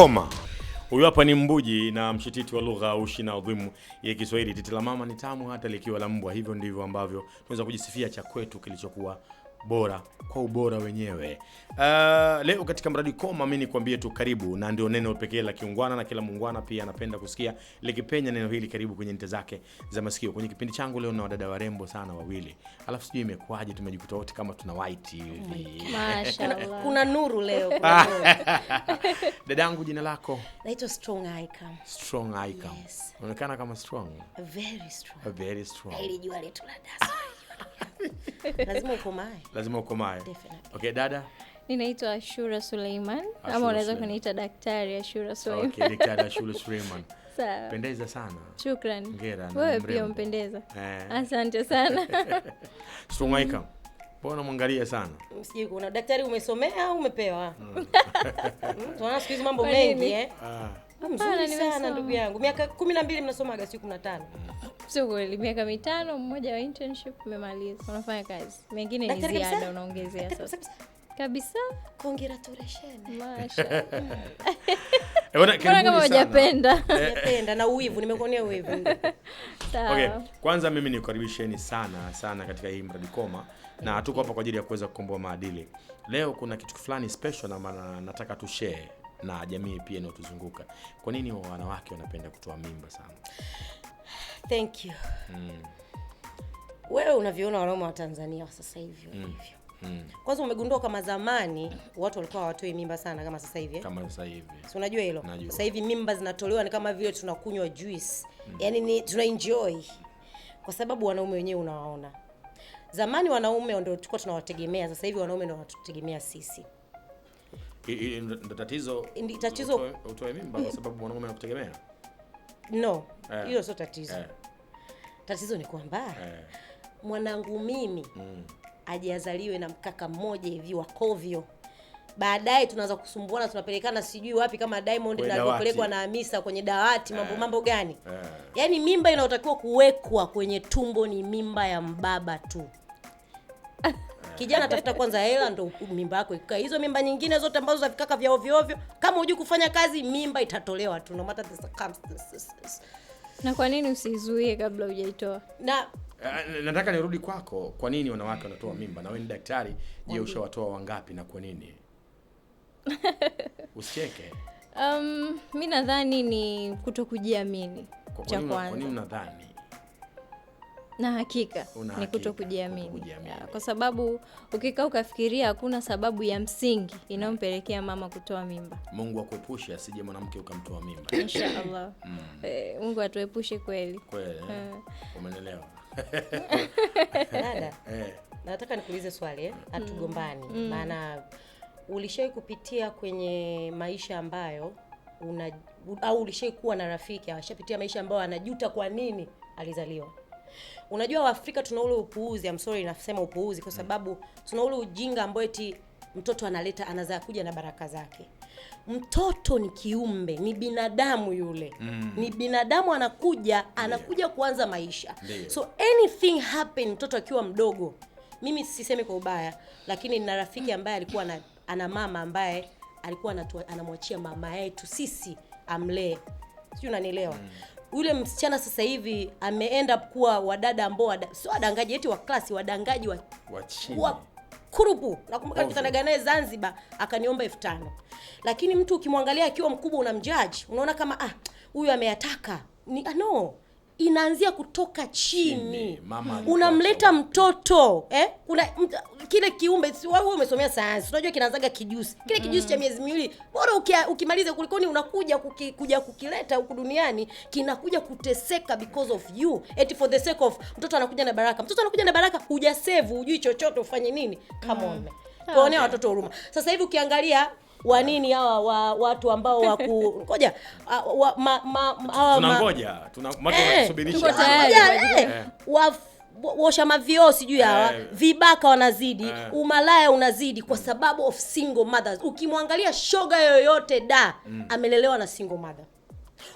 koma. Huyu hapa ni mbuji na mshititi wa lugha aushi na adhimu ya Kiswahili. Titi la mama ni tamu hata likiwa la mbwa. Hivyo ndivyo ambavyo tunaweza kujisifia cha kwetu kilichokuwa bora kwa ubora wenyewe. Uh, leo katika mradi Koma mi nikuambie tu karibu, na ndio neno pekee la kiungwana na kila muungwana pia anapenda kusikia likipenya neno hili karibu kwenye nte zake za masikio. Kwenye kipindi changu leo na wadada warembo sana wawili, alafu sijui imekuaje tumejikuta wote kama tuna white oh Kuna nuru leo. Ah. Dadangu, jina lako? Naitwa Yes. kama strong. Very strong. very strong. lazima ukomae, lazima Okay, dada Ninaitwa Ashura Suleiman ama unaweza kuniita Daktari Ashura Suleiman. Okay, Daktari Ashura Suleiman. Sawa. Pendeza sana. shukran Hongera. Wewe pia umpendeza. Eh. Asante sana. sumaika Mbona mwangalia sana? Msije kuna daktari umesomea au umepewa? Mm. Mm, tunaona siku hizi mambo mengi eh. Ah mzuri sana ndugu yangu. Miaka kumi na mbili mnasomaga, sio kumi na tano? Sio kweli, miaka mitano, mmoja wa internship umemaliza, unafanya kazi, mengine ni ziada, unaongezea sasa kabisa. Congratulations, kama eh, eh. hujapenda na uwivu, nimekuonea uwivu. Okay, kwanza mimi nikukaribisheni sana sana katika hii mradi Koma, na tuko hapa kwa ajili ya kuweza kukomboa maadili. Leo kuna kitu fulani special na nataka tushare na jamii pia inayotuzunguka. Kwa nini wanawake wanapenda kutoa mimba sana? Thank you. Mm. Wewe unavyoona wanaume wa Tanzania wa sasa hivi hivyo mm. mm. Kwanza umegundua kama zamani watu walikuwa hawatoi mimba sana kama sasa hivi. Eh? Kama sasa hivi. Si unajua hilo? Sasa hivi mimba zinatolewa ni kama vile tunakunywa juice. Mm. Yaani ni tuna enjoy. Kwa sababu wanaume wenyewe unawaona. Zamani wanaume ndio tulikuwa tunawategemea, sasa hivi wanaume ndio wanatutegemea sisi. Ndio tatizo, tatizo utoe mimba kwa sababu anakutegemea? No, eh. hilo yeah. Sio tatizo yeah. Tatizo ni kwamba yeah. Mwanangu mimi mm. Ajazaliwe na mkaka mmoja hivi wakovyo baadaye tunaanza kusumbuana, tunapelekana sijui wapi, kama Diamond navyopelekwa na Hamisa kwenye dawati, mambo eh. mambo gani? Eh. Yaani mimba inayotakiwa kuwekwa kwenye tumbo ni mimba ya mbaba tu Kijana tafuta kwanza hela ndo mimba yako ikae. Hizo mimba nyingine zote ambazo za vikaka vya ovyo ovyo, kama hujui kufanya kazi, mimba itatolewa tu no matter the circumstances. Na kwa nini usizuie kabla hujaitoa? Na eh, eh, nataka nirudi kwako, kwa nini wanawake wanatoa mimba? Na wewe ni daktari, je, ushawatoa wangapi na kwa nini? Usicheke. Um, mi nadhani ni kutokujiamini cha kwanza. Kwa nini unadhani? na hakika ni kuto kujiamini, kwa sababu ukikaa ukafikiria hakuna sababu ya msingi inayompelekea mama kutoa mimba. Mungu akuepushe asije mwanamke ukamtoa mimba insha Mm. E, Mungu atuepushe kweli kweli. Eh? Eh. Umeelewa? Dada, nataka nikuulize swali eh? Mm. Hatugombani mm. maana ulishai kupitia kwenye maisha ambayo una au ulishai kuwa na rafiki ashapitia maisha ambayo anajuta kwa nini alizaliwa? Unajua Waafrika tuna ule upuuzi, I'm sorry nasema upuuzi kwa sababu tuna ule ujinga ambao eti mtoto analeta anaza kuja na baraka zake. Mtoto ni kiumbe, ni binadamu yule. Mm. Ni binadamu anakuja, anakuja kuanza maisha. yeah. So anything happen mtoto akiwa mdogo. Mimi sisemi kwa ubaya, lakini nina rafiki ambaye alikuwa na, ana mama ambaye alikuwa anamwachia mama yetu sisi amlee. Sijui unanielewa. Mm yule msichana sasa hivi ameenda kuwa wadada ambao wada, sio wadangaji eti wa klasi, wadangaji wa, wa chini wa kurupu. Nakumbuka nilikutanaga naye Zanzibar akaniomba elfu tano lakini mtu ukimwangalia akiwa mkubwa unamjaji, unaona kama ah, huyu ameyataka ni ah, no inaanzia kutoka chini, chini. unamleta mtoto eh? kile kiumbe wewe umesomea sayansi unajua kinaanzaga kijusi kile mm. kijusi cha miezi miwili bora ukimaliza kulikoni unakuja kuki, kuja kukileta huku duniani kinakuja kuteseka because of you eti for the sake of mtoto anakuja na baraka mtoto anakuja na baraka hujasevu hujui chochote ufanye nini come mm. on tuonea ah, okay. watoto huruma sasa hivi ukiangalia wa nini hawa wa watu ambao ku ngoja tunangoja tunasubirisha eh, eh. wosha mavio sijui hawa eh, vibaka wanazidi eh, umalaya unazidi kwa sababu of single mothers. Ukimwangalia shoga yoyote da mm, amelelewa na single mother.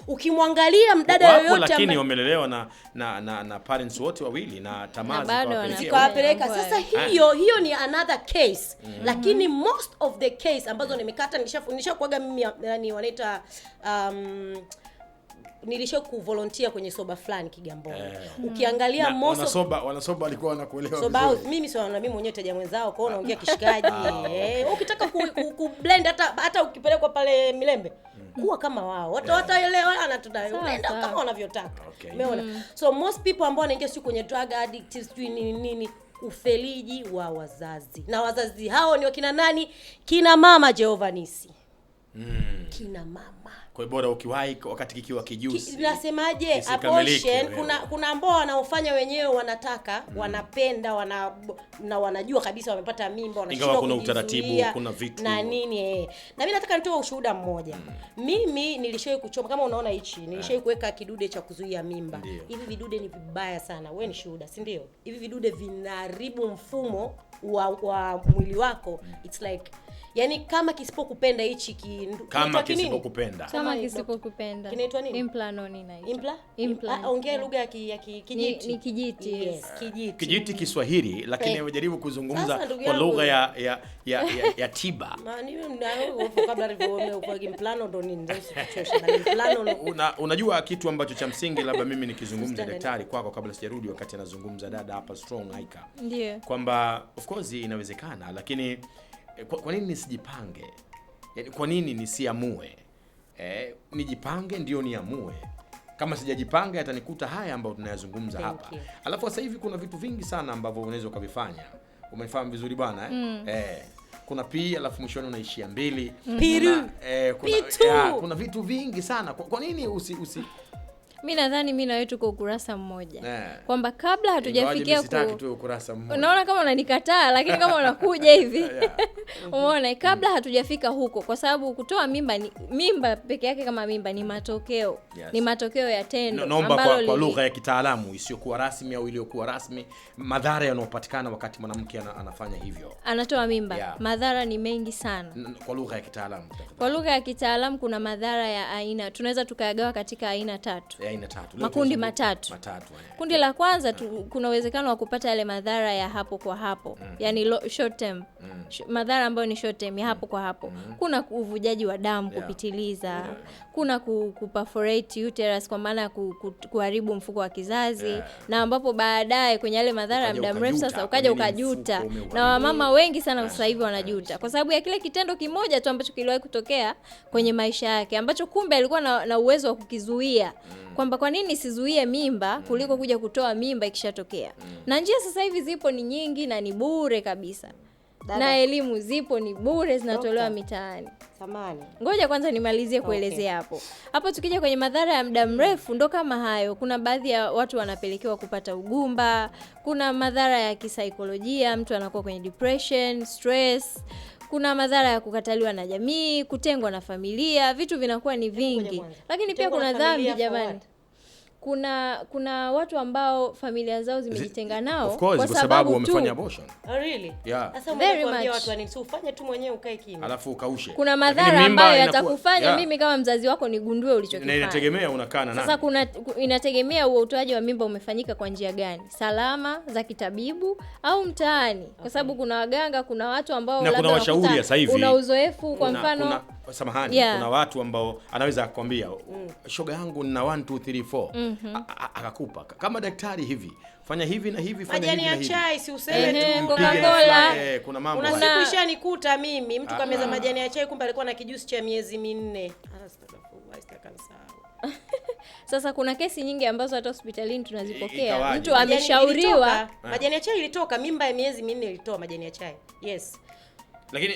Ukimwangalia mdada yoyote lakini wamelelewa na, na, na, na parents wote wawili na tamaa Sasa hiyo hiyo ni another case mm -hmm. Lakini most of the case ambazo nimekata nishakuaga mimi, yani wanaita um, nilisho kuvolontia kwenye soba fulani Kigamboni. Eh. Ukiangalia mm. moso wanasoba wanasoba walikuwa wanakuelewa. Soba mimi sio na mimi mwenyewe teja mwenzao kwao naongea kishikaji. Ah, eh, ukitaka ku, ku, ku blend hata hata ukipelekwa pale Milembe mm. kuwa kama wao. Watu yeah. wataelewa anatudai. Unaenda kama wanavyotaka. Okay. Umeona? Mm. So most people ambao wanaingia sio kwenye drug addicts sio nini nini ufeliji wa wazazi. Na wazazi hao ni wakina nani? Kina mama Jehovah Nisi mm. kina mama. Kwa hiyo bora ukiwahi wakati kikiwa kijusi, nasemaje abortion kuna kuna ambao wanaofanya wenyewe wanataka mm. wanapenda wana, na wanajua kabisa wamepata mimba wanashindwa, kuna utaratibu, kuna vitu na nini eh. Na mimi nataka nitoe ushuhuda mmoja mm. mimi nilishawahi kuchoma kama unaona hichi, nilishawahi eh. kuweka kidude cha kuzuia mimba. Hivi vidude ni vibaya sana, wewe ni shuhuda, si ndio? Hivi vidude vinaharibu mfumo wa, wa mwili wako, mm. it's like yani kama kisipokupenda hichi ki kama kama kinaitwa nini? Impla impla impla. Ah, ongea lugha ya ki, ki, kijiti ni, ni kijiti yes. yes. kijiti kijiti Kiswahili, lakini eh, kuzungumza kwa lugha ya ya ya, ya, ya tiba kabla Una, unajua kitu ambacho cha msingi labda mimi nikizungumza daktari kwako kabla sijarudi, wakati anazungumza dada hapa strong Aika, kwamba of course inawezekana lakini Eh, kwa, kwa nini nisijipange? Yaani kwa nini nisiamue? Eh, nijipange ndio niamue. Kama sijajipanga yatanikuta haya ambayo tunayazungumza hapa. Alafu sasa hivi kuna vitu vingi sana ambavyo unaweza ukavifanya. Umenifahamu vizuri bwana eh? Mm. Eh, kuna pi alafu mwishoni unaishia mbili. Mm. Kuna, eh, kuna, ya, kuna vitu vingi sana. Kwa, kwa nini usi, usi mi nadhani mi nawe tuko ukurasa mmoja yeah. kwamba kabla hatujafikia ku... unaona kama unanikataa lakini kama unakuja hivi umeona eh, kabla hatujafika huko kwa sababu kutoa mimba ni, mimba peke yake kama mimba ni matokeo yes. ni matokeo ya tendo no, naomba kwa, kwa lugha ya kitaalamu isiyokuwa rasmi au iliyokuwa rasmi madhara yanayopatikana wakati mwanamke anafanya hivyo anatoa mimba yeah. madhara ni mengi sana N kwa lugha ya kitaalamu kwa lugha ya kitaalamu kuna madhara ya aina tunaweza tukayagawa katika aina tatu yeah aina tatu. Makundi matatu. Matatu. Yeah. Kundi la kwanza tu, kuna uwezekano wa kupata yale madhara ya hapo kwa hapo. Mm. Yaani short term. Mm. Madhara ambayo ni short term ya hapo kwa hapo. Mm. Kuna uvujaji wa damu yeah. kupitiliza. Yeah. Kuna kuperforate uterus kwa maana ya kuharibu mfuko wa kizazi yeah. na ambapo baadaye kwenye yale madhara ya muda mrefu sasa ukaja ukajuta na wamama wengi sana ah. sasa hivi wanajuta kwa sababu ya kile kitendo kimoja tu ambacho kiliwahi kutokea kwenye maisha yake ambacho kumbe alikuwa na, na uwezo wa kukizuia mm kwamba kwa nini sizuie mimba kuliko mm. kuja kutoa mimba ikishatokea. Mm. Na njia sasa hivi zipo ni nyingi na ni bure kabisa Dada. Na elimu zipo ni bure zinatolewa mitaani. Samani. Ngoja kwanza nimalizie kuelezea hapo. Okay. Hapo tukija kwenye madhara ya muda mrefu ndo kama hayo. Kuna baadhi ya watu wanapelekewa kupata ugumba, kuna madhara ya kisaikolojia, mtu anakuwa kwenye depression, stress, kuna madhara ya kukataliwa na jamii, kutengwa na familia, vitu vinakuwa ni vingi. Lakini pia kuna dhambi jamani kuna kuna watu ambao familia zao zimejitenga nao kwa sababu wamefanya abortion. Oh, really? Yeah. Sasa watu ni tu ufanye tu mwenyewe ukae kimya. Alafu ukaushe. Kuna madhara ambayo yatakufanya yeah. Mimi kama mzazi wako nigundue ulichokifanya. Na Inategemea unakana nani. Sasa kuna inategemea huo utoaji wa mimba umefanyika kwa njia gani? Salama za kitabibu au mtaani? Kwa sababu kuna waganga, kuna watu ambao labda kuna washauri sasa hivi. Una uzoefu kwa mfano samahani yeah. Kuna watu ambao anaweza akwambia mm. shoga yangu nina 1 2 3 4 mm -hmm. Akakupa kama daktari hivi, fanya hivi na hivi, fanya hivi na hivi, chai si useme tu Coca Cola. Eh, kuna mambo kuna siku ishanikuta mimi mtu kameza ah. majani ya chai, kumbe alikuwa na kijusi cha miezi minne. Sasa kuna kesi nyingi ambazo hata hospitalini tunazipokea, mtu ameshauriwa majani ya chai ilitoka, mimba ya miezi minne ilitoa majani ya chai, yes lakini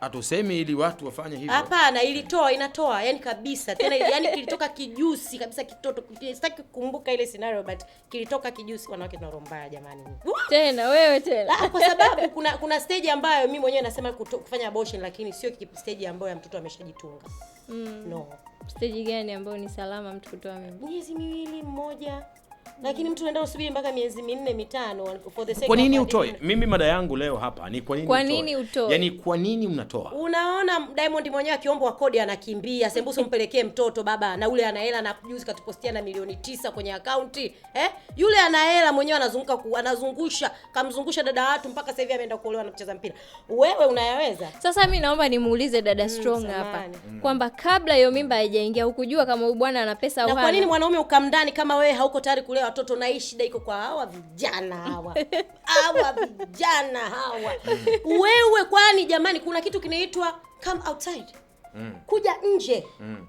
hatusemi ili watu wafanye hivyo. Hapana, ilitoa inatoa, yani kabisa. Tena yani kilitoka kijusi kabisa kitoto. Sitaki kukumbuka ile scenario but kilitoka kijusi wanawake tunarombaya jamani. Tena wewe tena. Ah, kwa sababu kuna kuna stage ambayo mimi mwenyewe nasema kuto, kufanya abortion lakini sio stage ambayo ya mtoto ameshajitunga. Mm. No. Stage gani ambayo ni salama mtu kutoa mimba? Miezi miwili mmoja lakini mtu anaenda usubiri mpaka miezi minne mitano for the sake. Kwa nini utoe? Mimi mada yangu leo hapa ni kwa nini kwa nini utoe? Yaani kwa nini mnatoa? Unaona Diamond mwenyewe akiomba wa kodi anakimbia, sembusu mpelekee mtoto baba, na ule ana hela na juzi katupostia na milioni tisa kwenye akaunti eh? Yule ana hela mwenyewe anazunguka anazungusha kamzungusha dada watu mpaka sasa hivi ameenda kuolewa na kucheza mpira. Wewe unayaweza? Sasa mimi naomba nimuulize dada mm, Strong hapa hmm, kwamba kabla hiyo mimba haijaingia hukujua kama huyu bwana ana pesa au hana. Na kwa nini mwanaume ukamdani kama wewe hauko tayari kulea watoto na hii shida iko kwa hawa vijana hawa hawa vijana hawa wewe kwani jamani kuna kitu kinaitwa come outside mm. kuja nje mm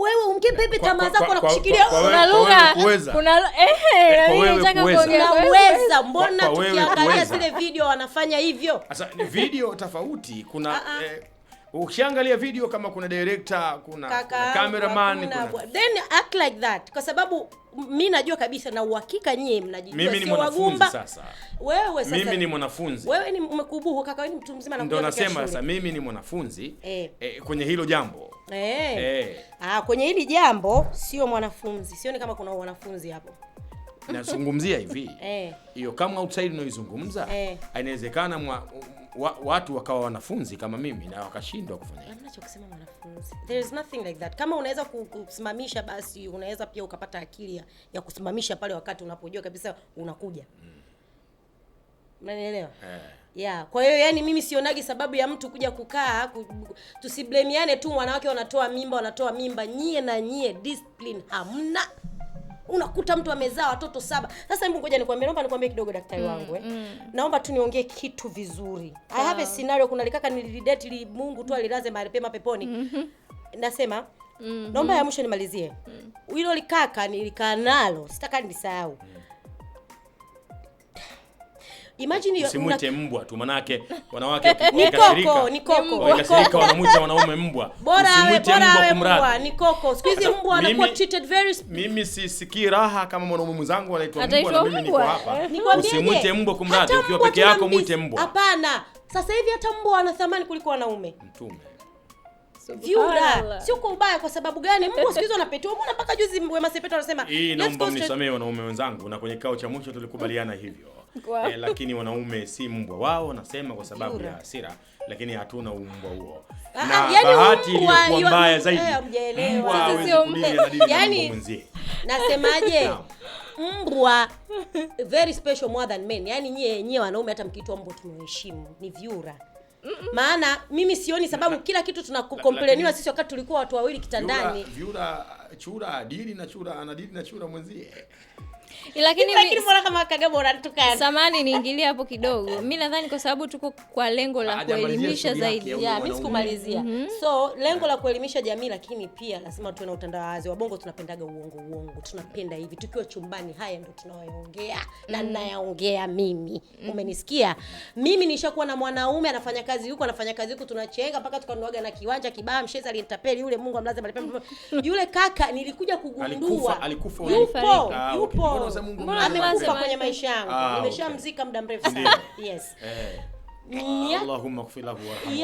wewe umkimpe hivi tamaa zako na kushikilia kuna lugha kuna eh unataka kuongea unaweza mbona tukiangalia zile video wanafanya hivyo sasa video tofauti kuna uh -uh. Eh, Ukiangalia video kama kuna director, kuna, Kaka, kuna cameraman, kuna, kuna... Then act like that kwa sababu mi najua kabisa na uhakika nyie mnajijua. Mimi ni mwanafunzi sasa. Wewe sasa. Mimi ni mwanafunzi. Wewe ni umekubuhu kaka, wewe ni mtu mzima na ndio nasema sasa mimi ni mwanafunzi e. E, kwenye hilo jambo. Eh. E. Ah, kwenye hili jambo sio mwanafunzi. Sioni kama kuna wanafunzi hapo. Nazungumzia hivi. Eh. Hiyo kama outside unaizungumza, eh, inawezekana mwa wa, watu wakawa wanafunzi kama mimi na wakashindwa kufanya hivyo. wanafunzi, there is nothing like that. Kama unaweza kusimamisha, basi unaweza pia ukapata akili ya, ya kusimamisha pale wakati unapojua kabisa unakuja mm. Eh. Yeah. Kwa hiyo yani mimi sionagi sababu ya mtu kuja kukaa ku, tusiblemiane tu, wanawake wanatoa mimba, wanatoa mimba. Nyie na nyie discipline hamna unakuta mtu amezaa watoto saba. Sasa hebu ngoja nikwambie, naomba nikwambie kidogo daktari mm, wangu eh. Mm. Naomba tu niongee kitu vizuri. I have a scenario, kuna likaka nilidate li Mungu tu alilaze mahali pema peponi. Mm -hmm. Nasema mm -hmm. Naomba ya mwisho nimalizie. Mm. Hilo likaka nilikaa nalo, sitaka nisahau. Mm. Imagine usimwite mbwa tu manake wanawake ni koko, ni koko. Wakashirika wanamuita wanaume mbwa. Bora awe bora awe mbwa, ni koko. Siku hizi mbwa anakuwa treated very Mimi sisikii raha kama mwanaume mwenzangu anaitwa mbwa na mimi niko hapa. Eh. Usimwite mbwa kumradi ukiwa peke yako mwite mbwa. Hapana. Sasa hivi hata mbwa ana thamani kuliko wanaume. Mtume. Vyura. Sio kwa ubaya kwa sababu gani? Mbwa siku hizo anapetiwa. Mbona mpaka juzi Wema Sepetu anasema, "Let's go." Naomba mnisamee wanaume wenzangu na kwenye kikao cha mwisho tulikubaliana hivyo eh, lakini wanaume si mbwa wao nasema kwa sababu ya hasira, lakini hatuna umbwa huo ah, na ah, yani bahati iliyokuwa mbaya eh, zaidi mbwa sio mbwa yani, nasemaje? Mbwa very special more than men. Yani nyie nyie wanaume hata mkiitwa mbwa tumeheshimu, ni vyura Maana mimi sioni sababu la, kila kitu tunakompleniwa sisi wakati tulikuwa watu wawili kitandani. Vyura, vyura chura adili na chura anadili na chura mwenzie Eh, lakini lakini mbona kama kaga bora tukana. Samani niingilie hapo kidogo. Mimi nadhani kwa sababu tuko kwa lengo la kuelimisha zaidi. Ya, mimi sikumalizia. Mhm. Mm-hmm. So lengo la kuelimisha jamii, lakini pia lazima tuwe na utandawazi. Wabongo tunapendaga uongo uongo, tunapenda hivi tukiwa chumbani, haya ndio tunayoongea na ninayaongea mm-hmm. mimi. Mm-hmm. Umenisikia? Mimi nishakuwa na mwanaume anafanya kazi huko, anafanya kazi huko, tunachenga mpaka tukanuaga na kiwanja kibaya. Msheza alinitapeli yule, Mungu amlaze malipo. Yule kaka nilikuja kugundua alikufa, alikufa, yupo, ah, yupo kumkosa Mungu mmoja amekufa kwenye maisha yangu, ah, nimeshamzika muda mrefu sana. Yes. Eh. Allahumma ighfir lahu warhamhu.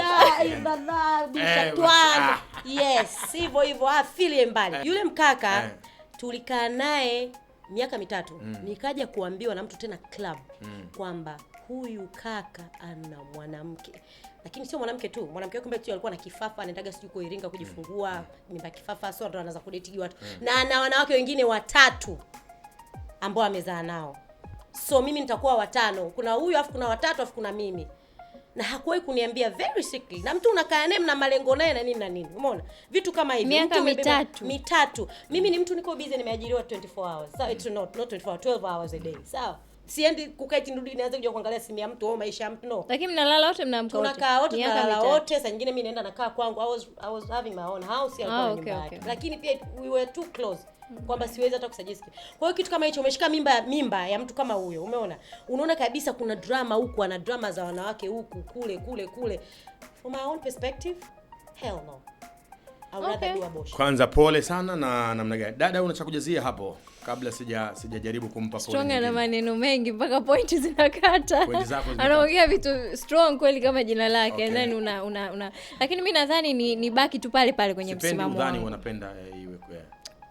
Eh, ah. Yes, hivyo hivyo afilie ah, mbali. Eh. Yule mkaka tulikaa naye miaka mitatu mm. Nikaja kuambiwa na mtu tena club mm. kwamba huyu kaka ana mwanamke, lakini sio mwanamke tu, mwanamke kumbe tu alikuwa na kifafa, anaendaga sijui kwa Iringa kujifungua mimba mm. kifafa, sio ndo anaanza kudate watu mm. na ana wanawake wengine watatu ambao amezaa nao. So mimi nitakuwa watano, kuna huyu afu kuna watatu afu kuna mimi na hakuwahi kuniambia very sickly. Na mtu unakaa naye mna malengo naye na nini na nini, umeona vitu kama hivi, miaka mitatu mitatu. Mimi ni mtu niko busy, nimeajiriwa 24 hours so it's not not 24 12 hours a day sawa so, Siendi kukaa kukaiti nirudi nianze kuja kuangalia simu ya mtu au oh, maisha ya mtu no. Lakini mnalala wote mnaamka wote. Tunakaa wote tunalala wote. Saa nyingine mimi naenda nakaa kwangu. I was I was having my own house ya oh, ah, okay, nyumbani. Okay. Lakini pia we were too close kwamba siwezi hata kusuggest. Kwa hiyo kitu kama hicho, umeshika mimba mimba ya mtu kama huyo, umeona, unaona kabisa kuna drama huku, ana drama za wanawake huku kule kule kule. From my own perspective, hell no. I would rather do Okay. Kwanza pole sana na namna gani dada, una cha kujazia hapo kabla sija sijajaribu kumpa pole. Strong ana maneno mengi mpaka point zinakata, anaongea vitu strong kweli kama jina lake. Okay. Nadhani una, una, una, lakini mimi nadhani ni, ni baki tu pale pale kwenye msimamo Sipendi, wangu. Wanapenda eh, iwe kweli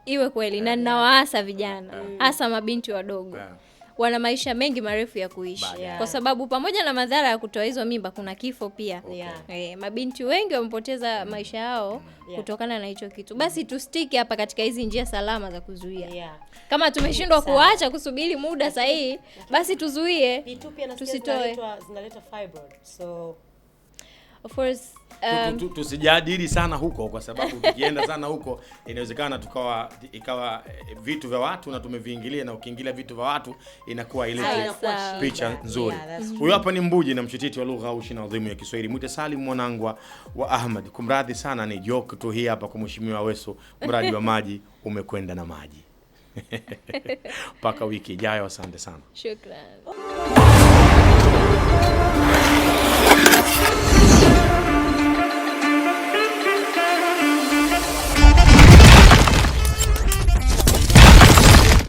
iwe kweli yeah. Na eh, ninawaasa eh, vijana eh, hasa yeah. mabinti wadogo yeah. Wana maisha mengi marefu ya kuishi yeah. Kwa sababu pamoja na madhara ya kutoa hizo mimba kuna kifo pia yeah. E, mabinti wengi wamepoteza mm-hmm. maisha yao mm-hmm. yeah. Kutokana na hicho kitu, basi mm-hmm. tustiki hapa katika hizi njia salama za kuzuia yeah. Kama tumeshindwa kuacha kusubiri muda sahihi, basi tuzuie, tusitoe. Zinaleta fibroid so of course um, tusijadili sana huko kwa sababu tukienda sana huko inawezekana tukawa ikawa eh, vitu vya watu na tumeviingilia, na ukiingilia vitu vya watu inakuwa ile picha nzuri. huyu hapa ni mbuji na mchititi wa lugha aushi na adhimu ya Kiswahili, mwite Salim mwanangwa wa Ahmad. Kumradhi sana, ni joke tu hii hapa kwa mheshimiwa Weso. Mradi wa maji umekwenda na maji mpaka wiki ijayo. Asante sana, Shukran.